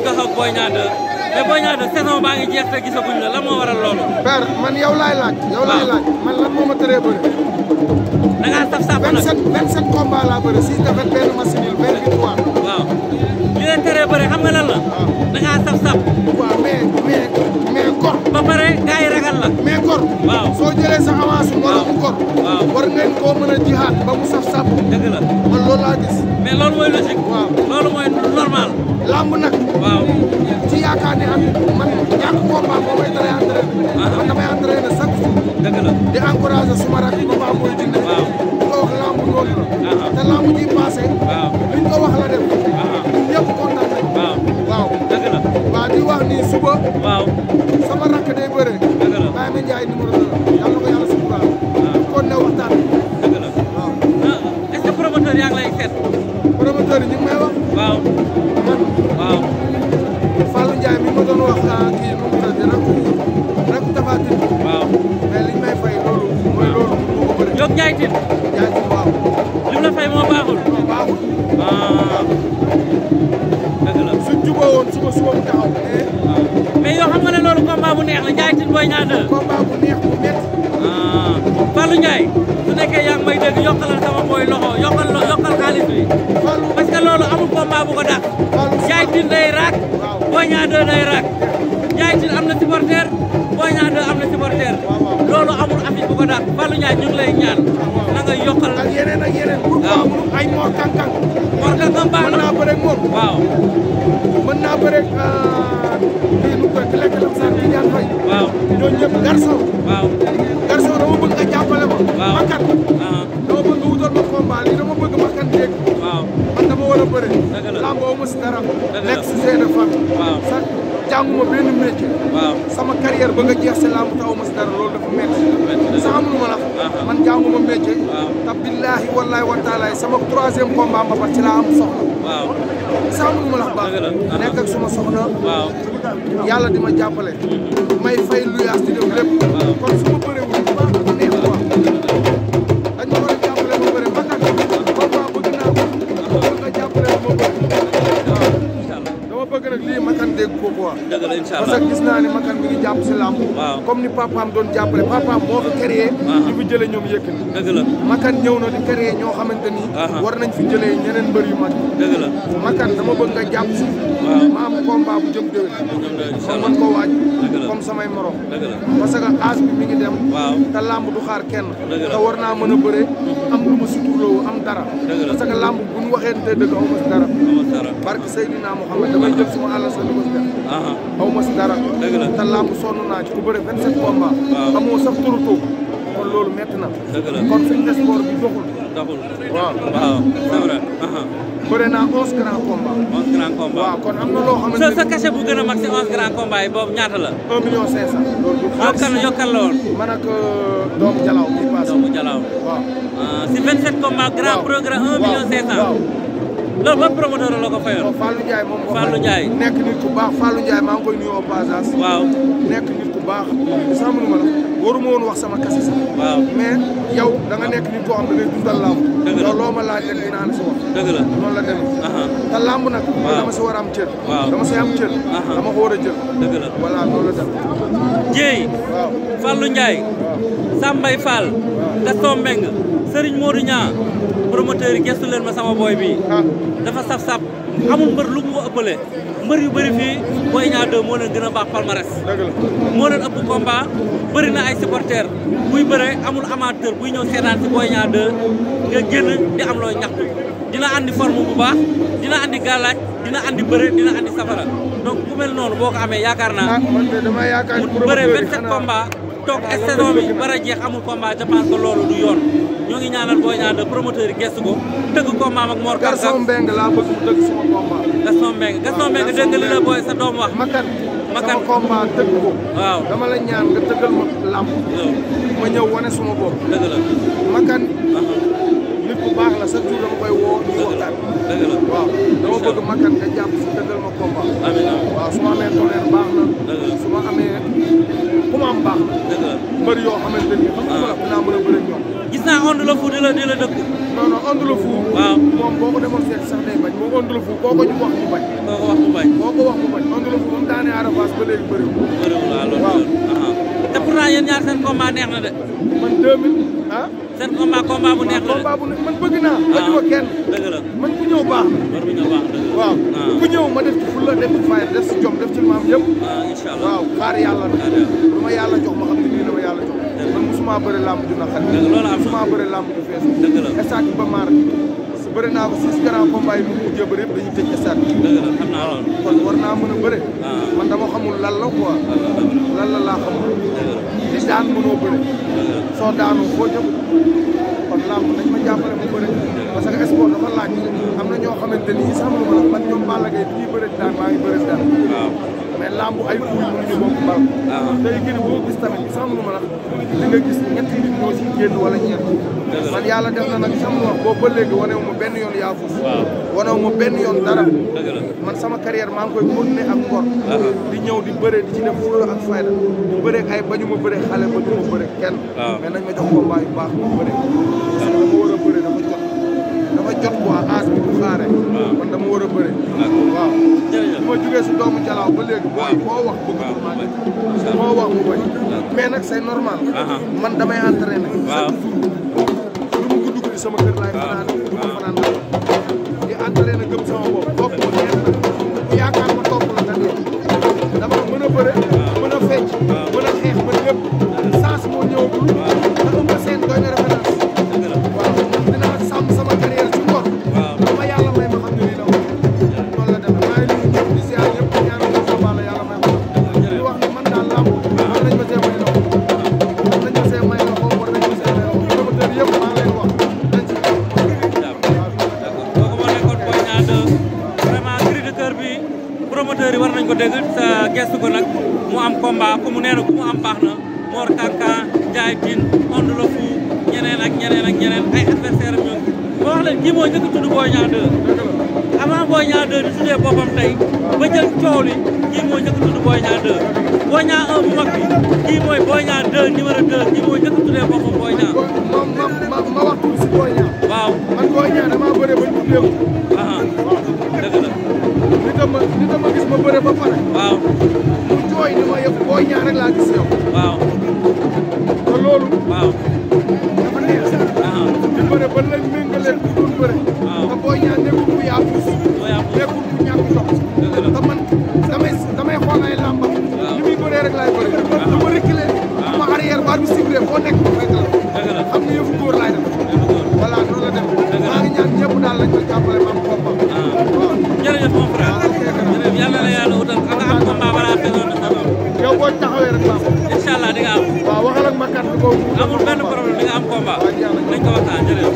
bëgg a xam Boy Niang 2 mais Boy Niang baa ngi jeex te gisaguñ la lan moo waral loolu. père man yow laaj. yow laaj man lan moo ma tëree bëri. da ngaa saf saf nag 27 27 combats laa bëri 6 défaites benn match nul benn victoire. waaw li leen tëree bëri xam nga lan di encouragé suma rak Papa Boy Djiné waaw di ko wax lamb loolu la te lamb ji passé waaw liñ ko wax la def ñun ñëpp kontaan nañ waaw waaw dëgg la waaw di wax ni suba waaw sama rak day bëre dëgg la Baye Ma Ndiaye numéro dara yàlla ko yàlla suturaal kon ne waxtaan dëgg la waaw ah, est-ce que promoteur yaa ngi lay seet promoteur yi ñu ngi may wax waaw man waaw Fallou Ndiaye mi ma doon wax ah, kii nu mu tudd dina ko mosu woon taxaw mais. mais yow xam bu neex la Ndiaye Tine Boy Niang 2. combat ah. su nekkee yaa ngi may yokkalal sama booy loxo yokkal yokkal xaalis bi. parce que loolu amul combat bu ko dàq. day raak. Boy Niang 2 day raak. Ndiaye am na supporter Boy Niang 2 am na supporter loolu amul affiche bu ko dàq Fallou Ndiaye ñaan. na nga waaw. mën naa bëre ah, nu koy lekk lam sax kii ñaan fay waaw ñooñu ñëpp garçon waaw garçon dama bëgg nga jàppale ma makkat ah. dama bëgg ma combat lii dama bëgg ma si dara nekk si seena fan sax jànguma benn sama carrière ba nga jeex si lamb taw ma si dara loolu dafa ah. man jànguma métier te billaahi wallaahi wa taala sama troisième combat ba ci laa am soxla waaw sax mënuma la baax nekk suma soxna yàlla di ma jàppale mm-hmm. may fay luyaas di lépp kon suma bëre la incha gis naa ne Makan mi ngi jàpp si làmb comme ni papaam doon jàppale papaam moo fi créé ñu fi jëlee ñoom Yékini dëgg la Makan ñëw na di créé ñoo xamante ni war nañ fi jëlee ñeneen mbër yu mag dëgg la Makan dama bëgg nga jàpp si ma am combat bu jëm déwén ma mën koo waaj comme samay morom parce que âge bi mi ngi dem te làmb du xaar kenn te war naa mën a bëre am lu ma suturloo am dara parce que bu ñu waxee te dëgg aw ma dara barke Seydina Mouhamed damay jël aw ma si dara. dëgg la te làmb sonn naa ci ku bëre waaw amoo sax turu tuub kon loolu métti na. dëgg la kon fitness sport bi uh-huh. sa cachet bu gën a mag si 11 grands combats yi boobu ñaata la. 1 million 500. loolu yokkal yokkal la woon. Euh, Jalaw bi paase. doomu Jalaw waaw. Ah, si 27 combats. grand programme 1 million 500. loolu ban promoteur la ko fayoon. Fallou Ndiaye nekk nit ku baax Fallou Ndiaye maa ngi koy nuyu au passage. baax. woon wax sama kese sax. waaw mais yow da nga nekk nit koo xam ne day dundal làmb. dëgg la loo ma laaj rek dinaa la si wax. dëgg la noonu la demee. te làmb nag. waaw dama si war a am cër. waaw si am cër. dama ko war a jël. dëgg la voilà loolu la demee. Dieye. waaw Fallou Ndiaye. Sambay Fall. Gaston Mbengue Serigne Modou promoteur yi gestu leen ma sama booy bi ah. dafa saf saf amul mbër lu mu ëppale mbër yu bëri fii Boy Niang 2 moo leen gën a baax palmarès moo leen ëpp combat bëri na ay supporters buy bëre amul amateur buy ñëw seetaan si Boy Niang 2 nga génn di am looy ñaxtu dina andi forme bu baax dina andi gàllaaj dina andi bëre dina andi safara donc ku mel noonu boo ko amee yaakaar naa ah, mu bëree 27 combat toog saison bi bara jeex amul combat je pense que loolu du yoon ñoo ngi ñaanal Boy Niang de promoteur yi ko tëgg combat ak Mor Kang Gaston Mbengue laa bëgg mu tëgg sama combat Gaston Mbengue Gaston Mbengue dégg li la booy sa doom wax makan makan sama combat tëgg ko waaw dama la ñaan nga tëggal ma làmb ma ñëw wane suma bopp dëgg la makan uh-huh. nit bu baax la chaque ma combat. amiin su ma su ma amee ku ma am baax na. dëgg la mbëri yoo xamante ni. xam ah. a gis naa Onde le Fou di la di la dëkk. non non Onde le moom boo ko demoon seet sax day bañ moom Onde le Fou moom daanee aarafaas ba léegi bëriwul. bëriwul waaw loolu waaw. te pourtant yéen ñaar seen combat neex na de. man deux mille ah. de. combat bu man bëgg naa. waaw ah, bëgg ko kenn. dëgg la man ku ñëw baax. war bu ñëw baax dëgg la waaw. Ah. ku ñëw ma def ci fulla def ci fayda def ci jom def ci maam yëpp. waaw ah, incha allah waaw xaar yàlla na. lu ma yàlla jox ma xam la ma yàlla jox. man musuma bëri làmb ju naqari. dëgg la loolu am na musuma bëri làmb ju fees. bëri naa ko six grand combat yi mu mujjee bëri yëpp dañuy tëj stade bi. xam kon war naa mën a bëre. Ah. man dama xamul lan la quoi. lan la laa xamul. li daan mënoo bëre. soo daanoo foo jëm. kon a nañ ma jàppale mu bëre. parce que sport dafa laaj. am na ñoo xamante ni sax lu ma la man ñoom Balla Gaye bi ñuy daan maa ngi bëre daan. mais lamb ay kuy mu ngi bokk baax. Ah. waaw tey gën gis tamit sax nu ma la di nga gis ñetti nit si génn wala ñeent. man yàlla def na nag sama mu wax boobu ba léegi wane wu benn yoon yaa fuf. waaw wane wu benn yoon dara. man sama carrière maa ngi koy continuer ak ngor. Ah. di ñëw di bëre di ci def fulla ak fayda di bëre ay bañu ma bëre xale ba ma bëre kenn. Ah. mais nañ ma jox combat yu baax ma bëre. a bëre dafa jot dafa jot wasaare. waaw dama war a bëre. waaw. jërëjëf ma jugee si doomu Jalaaw ba léegi. waaw boo wax bëgg maa ngi ci. boo wax mu bañ. mais nag c'est normal. man damay entraîné. waaw chaque jour lu mu sama kër laay fanaan. waaw waaw ko dégg sa gestu ko nag mu am combat ku mu nee na ku mu am baax na Mor Kanka Ndiaye Tine Onde le Fou ñeneen ak ñeneen ak ñeneen ay adversaire am ñoom ma moo njëkk tudd Boy Niang 2 avant Boy Niang 2 di tuddee boppam tey ba jël coow li kii moo njëkk tudd Boy Niang 2 mag bi kii mooy Boy Niang 2 numéro 2 kii moo njëkk tuddee boppam Boy Niang ma ma ma wax si Boy Niang waaw man Boy Niang damaa bëre ba tuddee ko Amen.